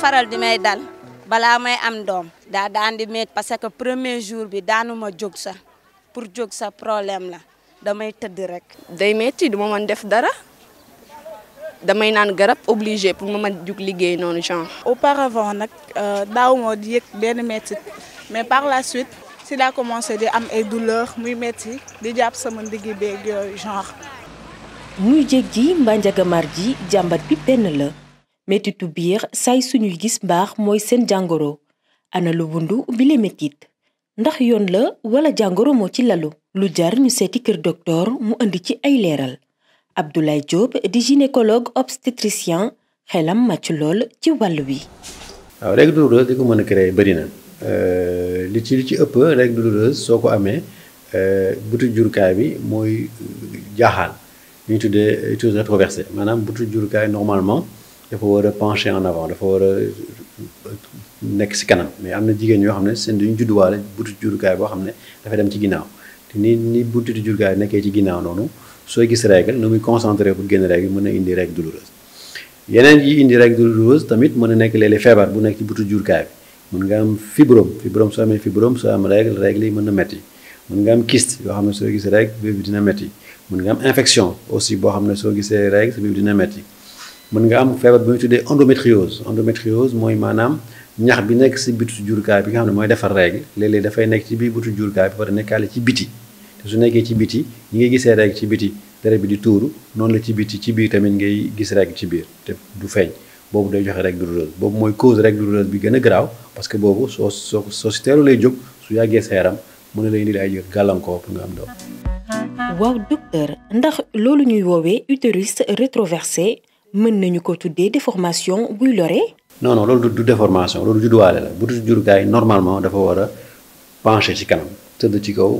faral di may dal bala may am dom da daan di med, parce que premier jour bi daanu ma jóg sa pour jog sa problème la damay tëdd rek. day metti mën def dara damay naan garab obligé pour ma mën jug liggéey noonu genre. auparavant nag euh, yëg metti mais par la suite si laa commencé di am ay douleur muy metti di jàpp sama ndiggi beeg yooyu genre. muy jéeg ji suñuy gis ana lu ndax la wala ci lu jar ñu seeti kër docteur mu indi ci ay leeral Abdoulaye Diop di gynécologue obstétricien xelam màcc lool ci wàll bi waaw règle douloureuse di ko mën a créer bëri na euh, li ci li ci ëpp règle douloureuse soo ko amee euh, butu jurukaay bi mooy jaaxaal ñu ñu tuddee toujours rétroversé maanaam butu jurukaay normalement dafa war a pencher en avant dafa war a nekk si kanam mais am na jigéen yoo xam ne seen duñu judduwaale butu jurukaay boo xam ne dafa dem ci ginnaaw. te ni ni buntu di jurgaay nekkee ci ginnaaw noonu sooy gis règle nu muy concentré pour génn règle mën na indi règle douloureuse yeneen yi indi règle douloureuse tamit mën na nekk léeg-léeg feebar bu nekk ci buntu jurkaay bi mun nga am fibrome fibrome soo amee fibrome soo am règle règle yi mën na metti mën nga am kist yoo xam ne soo gisee règle bébé bi dina metti mun nga am infection aussi boo xam ne soo gisee règle sa bébé dina metti mën nga am feebar bu ñu tuddee endométriose endométriose mooy maanaam ñax bi nekk si bitu jurkaay bi nga xam ne mooy defar reeg léeg-léeg dafay nekk ci biir bitu jurkaay bi war a nekkaale ci biti te su nekkee ci biti ñi ngay gisee reeg ci biti deret bi di tuuru noonu la ci biti ci biir tamit ngay gis reeg ci biir te du feeñ boobu day joxe reeg douloureuse boobu mooy cause reeg douloureuse bi gën a garaaw parce que boobu soo soo soo si teelu lay jóg su yàggee sa yaram mën na lay indil ay gàllankoor pour nga am doom. waaw docteur ndax loolu ñuy woowee utérus rétroversé mën non non loolu du déformation loolu judduwaale la jur jurukaay normalement dafa war a penché ci kanam tëdd ci kaw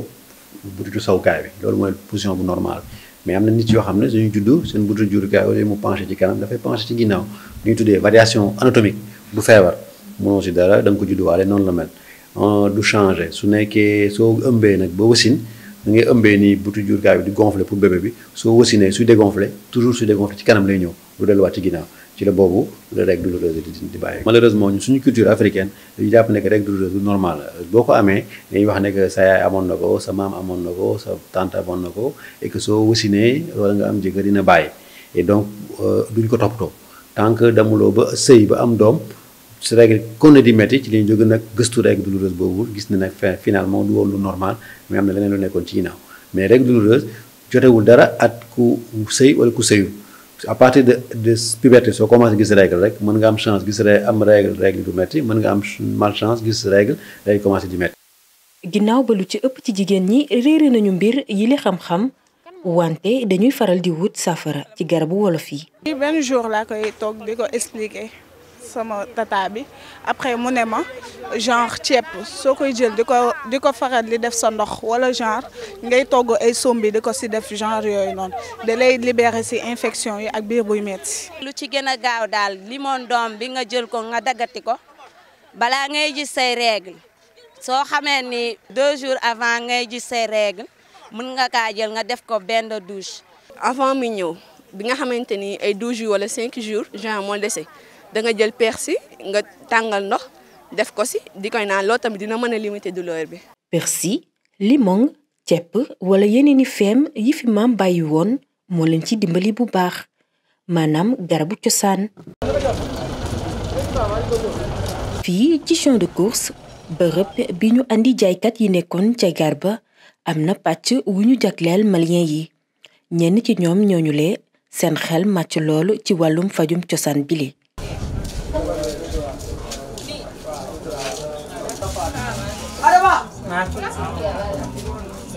butitu sawkaay bi loolu mooy position bu normal mais am na nit yoo xam ne suñu juddu seen butitu jurukaay au lieu mu penché ci kanam dafay pencher ci ginnaaw lu ñu tuddee variation anatomique du feebar mënoo si dara da nga ko judduwaale noonu la mel euh, du changer su nekkee soo ëmbee nag ba wasin da ngay ëmbee nii jur jurukaay bi di gonfler pour bébé bi soo wasinee suy dégonfler toujours suy dégonfler ci kanam lay ñëw lu delluwaat ci ginnaaw ci la boobu la règle douloureuse di di bàyyi malheureusement suñu culture africaine dañu jàpp ne que règle douloureuse du normal boo ko amee dañuy wax ne sa yaay amoon na ko sa maam amoon na ko sa tante amoon na ko et que soo wasinee wala nga am jëkkër dina bàyyi et donc euh, duñ ko toppatoo tant que demuloo ba sëy ba am doom su règle kon di métti ci li ñu jóge nag gëstu règle douloureuse boobu gis na nag finalement du woon lu normal mais am na leneen lu nekkoon ci ginnaaw mais règle douloureuse jotewul dara at ku sëy wala ku sëyul à partir de de puberté soo commencé gis règle rek mën nga am chance gis am règle règle du métti mën nga am malchance gis règle day di métti. ginnaaw ba lu ci ëpp ci jigéen ñi réere nañu mbir yi li xam-xam wante dañuy faral di wut saafara ci garabu wolof yi. benn jour laa koy sama tata bi après mu ne ma genre ceeb soo koy jël di ko di ko faral di def sa ndox wala genre ngay togg ay sombi di ko si def genre yooyu noonu da lay libérer si infection yi ak biir buy metti lu ci gën a gaaw daal limon doom bi nga jël ko nga dagati ko balaa ngay gis say règle soo xamee ni deux jours avant ngay gis say règle mën nga kaa jël nga def ko benn douche avant mu ñëw bi nga xamante ni ay 12 jours wala 5 jours genre moo dese danga jël persil nga tàngal ndox def ko si di koy naan loo tamit dina mën a limiter douleur bi. persil limon ceeb wala yeneeni fem yi fi maam bàyyi woon moo leen ci dimbali bu baax maanaam garabu cosaan. fii ci champ de course bërëb bi ñu indi jaaykat yi nekkoon ca garba am na pàcc wu ñu jagleel malien yi ñenn ci ñoom ñooñule seen xel màcc loolu ci wàllum fajum cosaan bile.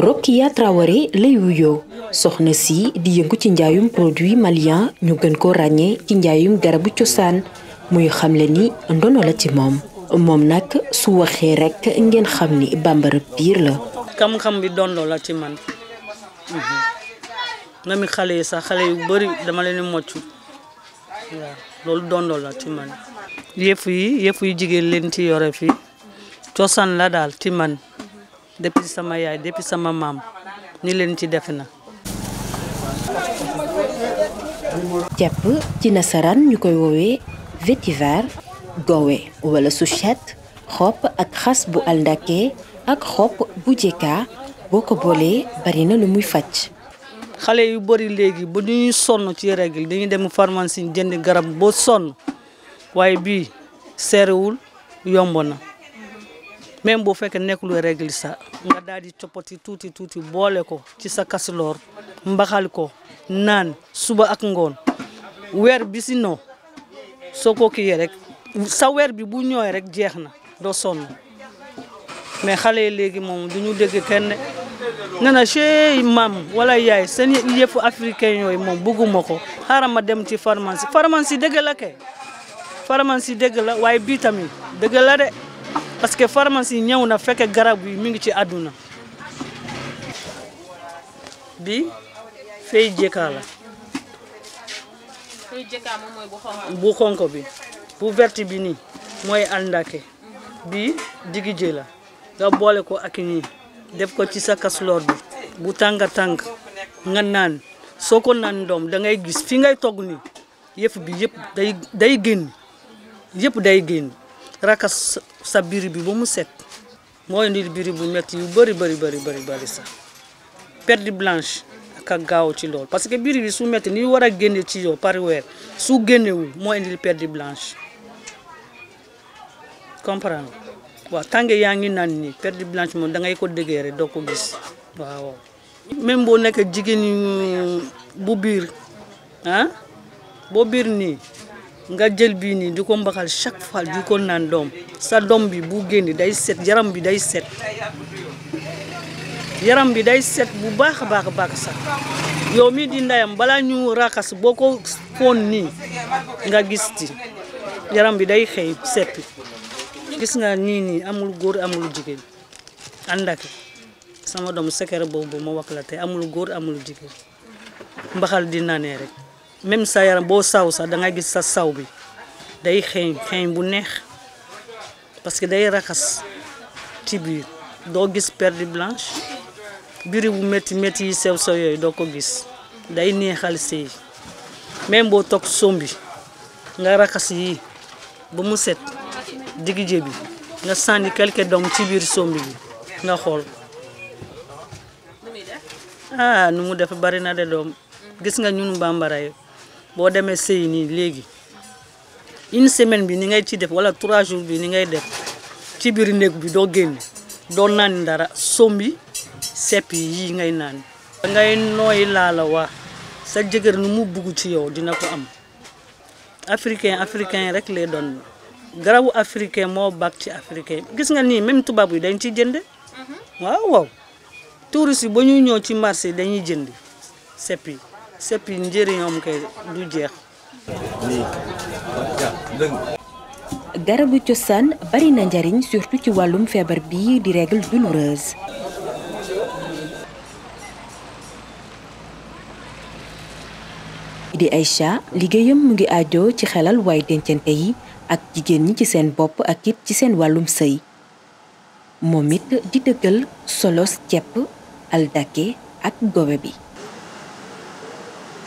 Rokia Traoré la wuyoo soxna si di yëngu ci njaayum produit malien ñu gën ko ragné ci njaayum garabu muy xamle ni ndono la ci mom mom nak su waxee rek ngeen xamni ni bambara la. kam xam bi doon la ci man mhm. nami mi sa xalé yu bari dama leen moccu lolou la ci man yef yi yef yu jigéen leen ci yoré fi cosaan la dal ci man. depuis sama yaay depuis sama maam ni leen ci def na. jàpp ci nasaraan ñu koy woowee vétiver gowe wala souchette xob ak xas bu aldake ak xob bu jekka boo ko boolee bari na lu muy faj. xale yu bari léegi bu ñuy sonn ci règle dañuy dem pharmacie jënd garab boo sonn waaye bii seerewul yomb na. même boo fekkee nekk lu sa nga daal di coppati tuuti tuuti boole ko ci sa kasiloor mbaxal ko naan suba ak ngoon weer bi si non soo ko kiyee rek sa weer bi bu ñëwee rek jeex na doo sonn mais xale yi léegi moom du ñu dégg kenn ne na maam wala yaay seen yëpp africain yooyu moom bëgguma ko xaaral ma dem ci pharmacie pharmacie dëgg la kay pharmacie dëgg la waaye bii tamit la de parce que pharmacie ñëw na fekk garab yi mu ngi ci àdduna bi fay jëkkaa la bu xonk bi bu vert bi nii mooy àndake bi digi jë la nga boole ko ak ñii def ko ci sa kasloor bi bu tàng tàng nga naan soo ko naan doom dangay gis fi ngay togg nii yëf bi yëpp day day génn yëpp day génn rakas sa biri bi ba mu set moo indil biri bu metti yu bëri bëri bëri bëri bëri sax perte blanche gaaw ci lool parce que biri bi su metti ni war a génne ci yow par weer su génnewul moo indil perte blanche comprendre waaw tànge yaa ngi naan nii perte blanche moom da ngay ko déggee rek ko gis waaw. même boo nekk jigéen bu biir ah boo biir nii. nga jël bii nii di ko mbaxal chaque fois di ko naan doom sa doom bi bu génn day set yaram bi day set yaram bi day set bu baax a baax a baax sax yow mi di ndayam balaa ñu raxas boo ko foon nii nga gis ci yaram bi day xëy seppi gis nga nii nii amul góor amul jigéen ànd ak sama doom secret boobu ma wax la te amul góor amul jigéen mbaxal di naanee rek même sa yaram boo saw sax danga gis sa saw bi day xeeñ xeeñ bu neex parce que day raxas ci biir doo gis perte blanche biri bu metti métti yi sew sew yooyu doo ko gis day neexal sëy même boo toog sombi nga raxas yi ba mu set digije bi nga sànni quelque doom ci biir sombi bi nga xool ah nu mu def bari na de doom gis nga ñun bambara yi boo demee sëy nii léegi une semaine bi ni ngay ci def wala trois jours bi ni ngay def ci biir néeg bi doo génn doo naan dara sombi sepp yi ngay naan ngay nooy laa la wax sa jëkkër nu mu bugg ci yow dina ko am africain africain rek lay doon garabu africain moo bak ci africain gis nga nii même tubaab yi dañ ciy jënd mhm. waaw waaw touristes yi ba ñuy ñëw ci marché dañuy jënd sepp seppi om kay du jeex garabu cosaan bari na njariñ surtout ci wàllum feebar di règle douloureuse di Aïcha ligayom mu ngi ajoo ci xelal waay dencante yi ak jigéen ñi ci seen bopp ak it ci seen di dëggal solos cepp aldake ak gobe bi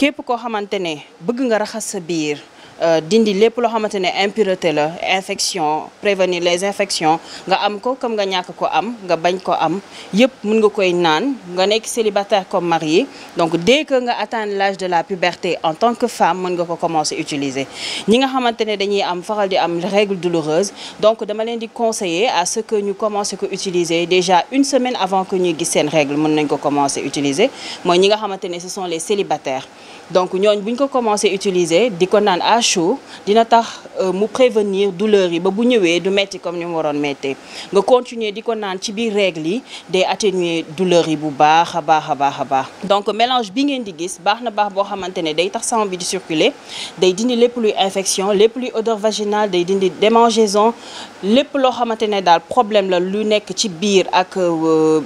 képp koo xamante ne bëgg nga raxas sa biir Euh, dindi lepp lo xamantene ne impureté la infection prévenir les infections nga am ko comme nga ñak ko am nga bañ ko am yépp mën nga koy naan nga nekk célibataire comme marié donc dès que nga atteindre l'âge de la puberté en tant que femme mën nga ko commencer utiliser ñi nga xamantene dañuy am faral di am règles douloureuses donc dama leen di conseiller à ce que ñu commencer ko utiliser déjà une semaine avant que ñu gis seen règles mën nañ ko commencer utiliser mooy ñi nga xamantene ce sont les célibataires donc ñooñ bu ñu ko commencé utiliser di ko a à chaud dina tax euh, mu prévenir douleur yi ba bu ñëwee du metti comme ni mu waroon méttee nga continuer di ko naan ci biir règle yi day atténuer douleur yi bu baax a baax a donc mélange bi ngeen di gis baax na baax boo xamante ne day tax sang bi di circuler day dindi lépp luy infection lépp luy odeur vaginale day dindi démangeaison lépp loo xamante ne daal problème la lu nekk ci biir ak euh,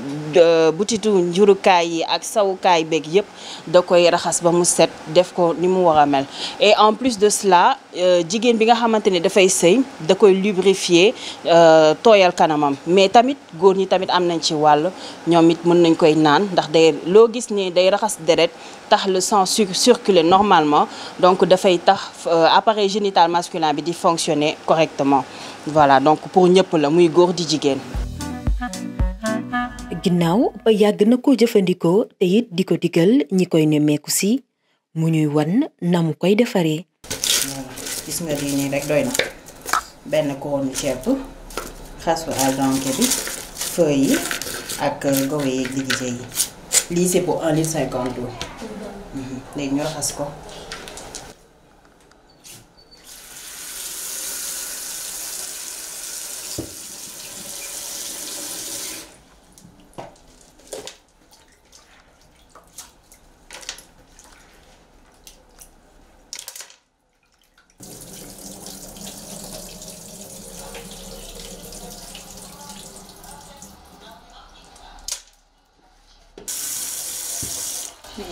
butitu njurukaay yi ak sawukaay beeg yëpp da koy raxas ba mu def ko ni mu wara mel et en plus de cela euh, jigen bi nga xamantene da fay sëy da koy lubrifier euh, toyal kanamam mais tamit góor ni tamit am nañ ci wàll ñoom it mën nañ koy naan ndax day lo gis ni day raxas deret tax le sang circuler normalement donc fay tax euh, appareil génital masculin bi di fonctionner correctement voilà donc pour ñepp la muy góor di jigen ginnaaw ba yàgg na ko jëfandikoo te it di ko digal ñi koy nemmeeku si mu ñuy wan nam koy defaree. gis nga lii rek doyna ben ko koonu ceeb xasu a bi feuilles ak yi c'est pour un litre cinquante mhm. léegi ñu raxas ko.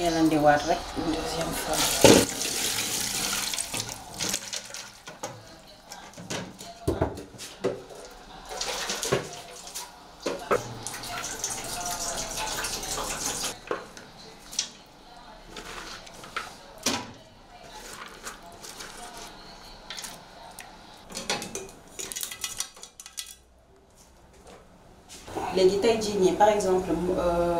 yelandiwaat rek une deuxième fois. Les détails jii par exemple euh,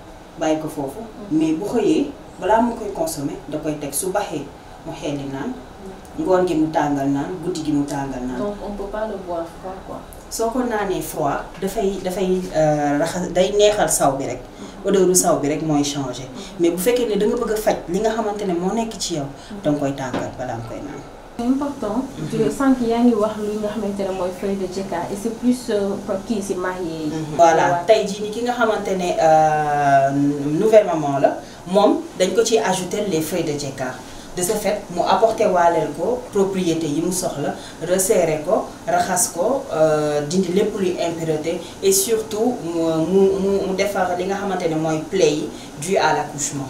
bàyyi ko foofu. Mm-hmm. mais bu xëyee bala mu koy consommer da koy tek su baxee mu xeeli nan mm-hmm. ngoon gi mu tàngal naan guddi gi mu tangal nan donc on peut pas le boire froid quoi. soo froid da fay da fay euh day neexal saw bi rek. Mm-hmm. odoru saw bi rek moy changer mais bu fekkee ne da nga bëgg fajj faj li nga xamante mo moo nekk ci yow. da nga koy tàngal balaa nga koy nan important de sentir wax nga de jeka et c'est plus pour qui c'est marié voilà ni ki nga euh, nouvelle maman la dañ les feuilles de jeka de ce fait mu apporté walel ko propriété yi soxla ko raxas ko euh, dindi et surtout mu mu li nga dû à l'accouchement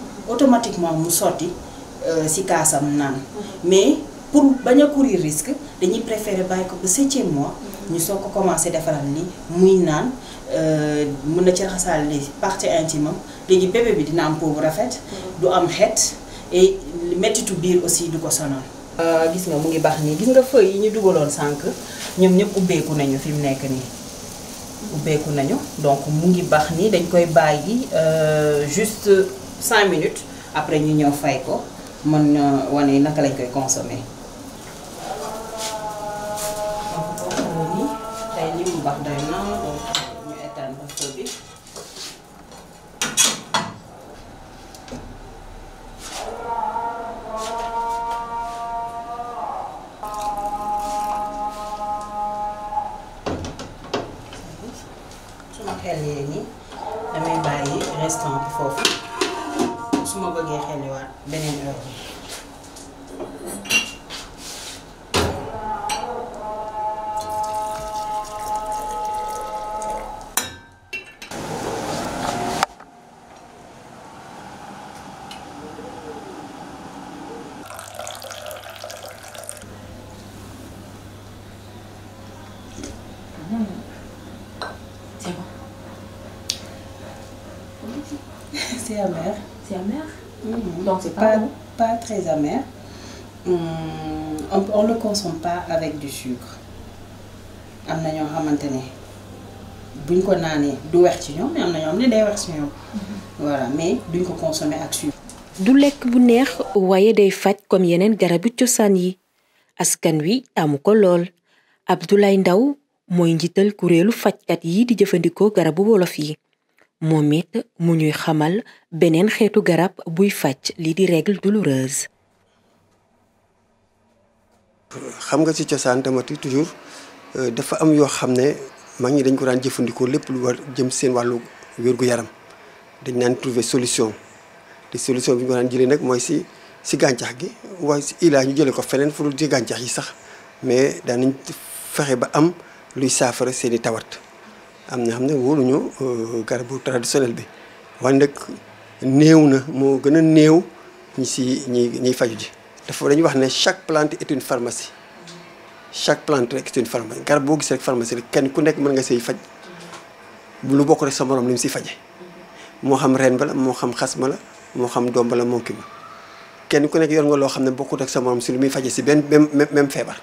automatiquement mu sotti euh, si kaasam nan mais pour baña courir risque dañuy préférer bàyyi ko ba e mois ñu soko commencer défaral ni muy nan euh mëna ci raxal li partie intime am léegi bébé bi dina am peau bu rafet du am xet et metti tu bir aussi du ko sonal euh, gis nga mu ngi bax ni gis nga feuilles yi ñu dugaloon sànq ñoom ñëpp ubbeeku nañu fim mu nekk nii ubbeeku nañu donc mu ngi bax ni dañ koy euh juste cinq minutes après ñu ñëw fay ko mën wane naka lañ koy consommer. su ma bëggee xelliwaat beneen heure bi. c'est ah pas, ah bon pas très amer. Hum, on ne le consomme pas avec du sucre. am na ñoo xamante ne buñ ko naanee du wex ci ñoom mais am na ñoo xam ne day wex ci ñoom. Mhm. voilà mais duñ ko consommer ak sucre. du lek bu neex waaye day faj comme yeneen garabu cosaan yi askan wi amu ko lool Abdoulaye Ndaw mooy njiital kuréelu fajkat yi di jëfandikoo garabu wolof yi. moom it mu ñuy xamal beneen xeetu garab buy faj lii di règle douloureuse. xam nga ci cosaan tamati toujours euh, dafa am yoo xam ne mag ñi dañ ko daan jëfandikoo lépp lu war jëm seen wàllu wér yaram dañ naan trouver solution te solution bi ñu ko daan jëlee nag mooy si si gàncax gi waaye si ilaa ñu jëlee ko feneen fu dul ci gàncax yi sax mais daanañ fexe ba am luy saafara seeni tawat. am na xam ne wóoluñu euh, garabu traditionnel bi waaye nag néew na moo gën a néew ñi si ñi ñiy faju ji dafa dañuy wax ne chaque plante est une pharmacie chaque plante rek est une pharmacie garab boo gis rek pharmacie rek kenn ku nekk mën nga say faj lu bokk rek sa moroom li mu si faje moo xam ren ba la moo xam xas ma la moo xam doom ba la moo ki ma kenn ku nekk yor nga loo xam ne bokkut ak sa morom si lu muy faje si benn même même feebar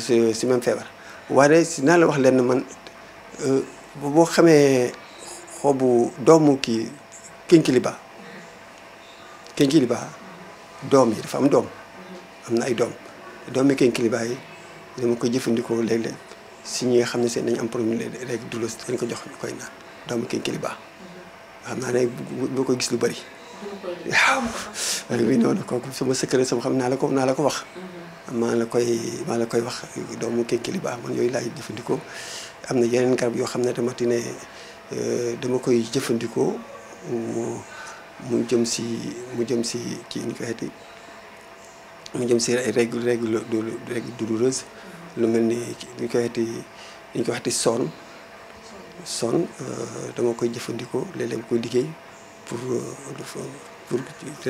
si même feebar waaye Euh, boo xamee xobu doomu kii kinkiliba kinkiliba doom yi dafa am doom am na ay doom doomi kinkiliba yi dama ko jëfandikoo léeg-léeg si ñi xam ne seen dañ am problème rek douloureux dañ ko jox ñu koy naan doomu kinkiliba naa ne boo gis lu bëri waaw sama secret sama xam naa la naa la ko wax maa la koy maa la koy wax doomu kinkiliba man yooyu laay jëfandikoo am na yeneen garab yoo xam ne tamati ne euh, dama koy jëfandikoo mu jëm si mu jëm si ci ñu koy waxeeti mu jëm si ay règle règle règle douloureuse lu mel ni ñu koy waxeeti ñu koy waxeeti euh, dama koy jëfandikoo léeg koy liggéey pour mm-hmm.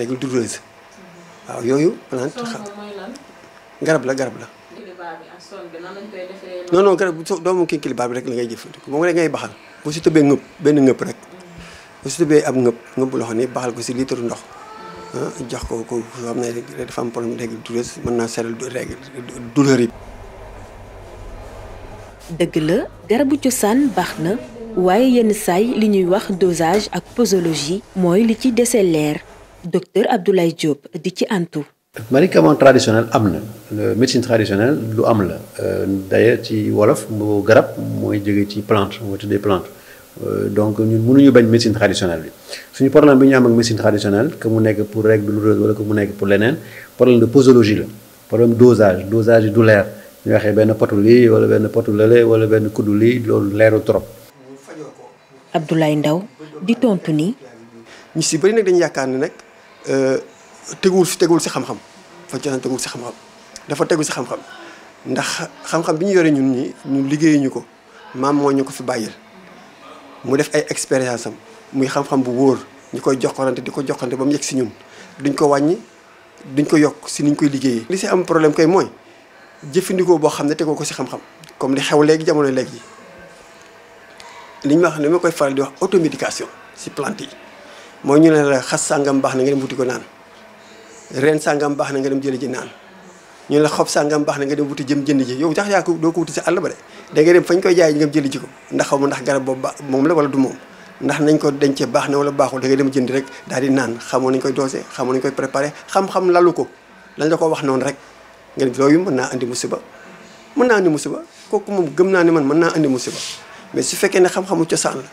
waaw yooyu plante garab la garab la kilibaa bi ak doomu kii kilibaa bi rek la ngay jëfandikoo moom rek ngay baxal bu si tëbee ngëpp benn ngëpp rek mm. bu si tëbee ab ngëpp ngëpp loxo ni baxal ko si litre ndox. Ah, jox ko ko xam ne dafa am problème règle mën naa seetal règle douleur yi. dëgg la garabu cosaan baax na waaye yenn saay li ñuy wax dosage ak posologie mooy li ci dese leer docteur Abdoulaye di ci antu. médicament traditionnel amna le médecine traditionnelle lu am la euh, d'ailleurs ci wolof garab ci plante des plantes, euh, donc mënuñu bañ médecine traditionnelle bi suñu problème bi ñu médecine traditionnelle que mu nekk pour règle douloureuse wala que mu nekk pour problème de posologie problème dosage dosage ñu wala wala trop. Abdoulaye Ndaw di tontu ni. si dañu tegul si tegul si xam-xam fa ci teguwul si xam-xam dafa tegul si xam-xam ndax xam-xam biñu ñu ñun ñi ñun liggéeyuñu ko maam mo ñu fi bayil mu def ay experience am muy xam-xam bu woor ñukoy joxorante diko joxante bam yek yegg si ñun duñ ko wañi duñ ko yok si niñ koy liggéeyee li ci am problème koy moy jëfëndiko bo xamne ne ko si xam-xam comme li xew légui jamono légui liñ wax ni koy faral di wax automédication si plante yi mooy ñu la xas sàngam na ngeen dem naan reen sàngam baax na nga dem jëli ji naan ñu la xob sàngam baax na nga dem wuti jëm jënd ji yow tax yaa ko doo ko wuti sa àll ba de da nga dem fañ koy jaay nga dem jëli ji ko ndax xaw ma ndax garab boobu ba moom la wala du moom ndax nañ ko dencee baax na wala baaxul da nga dem jënd rek daal di naan xamoo nañ koy doose xamoo nañ koy préparé xam-xam lalu ko lañ la ko wax noonu rek nga ne loolu mën naa andi musiba mën naa andi musiba kooku moom gëm naa ne man mën naa andi musiba mais su fekkee ne xam-xamu cosaan la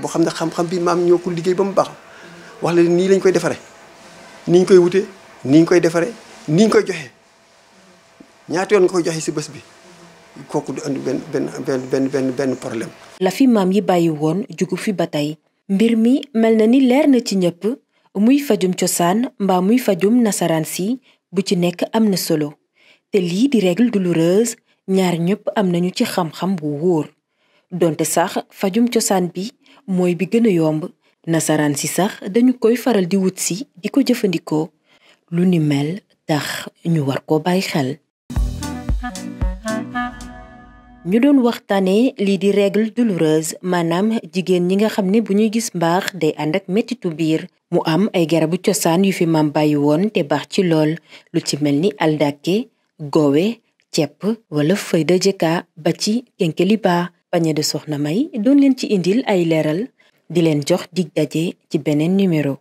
boo xam ne xam-xam bi maam ñoo ko liggéey ba mu baax wax la nii lañ koy defaree niñ koy wutee ni ñu koy defaree ni ñu koy joxe ñaata yoon nga koy joxe ci bés bi kooku du andi benn benn benn benn benn problème. la maam yi bàyyi woon jugu fi ba tey. mbir mi mel na ni leer na ci ñëpp muy fajum cosaan mbaa muy fajum nasaraan si bu ci nekk am na solo te lii di règle douloureuse ñaar ñëpp am nañu ci xam-xam bu wóor donte sax fajum cosaan bi mooy bi gën a yomb nasaraan si sax dañu koy faral di wut si di ko jëfandikoo. lu ni mel tax ñu war ko bàyyi xel. ñu doon waxtaanee lii di règle douloureuse maanaam jigéen ñi nga xam ne buñuy gis mbaax day ànd ak mettitu biir mu am ay garabu cosaan yu fi mam bàyyi woon te baax ci lool lu ci mel ni aldake gowe cepp wala feuille ba ci kenkeliba pañe de soxna may doon leen ci indil ay leeral di leen jox dig daje ci beneen numéro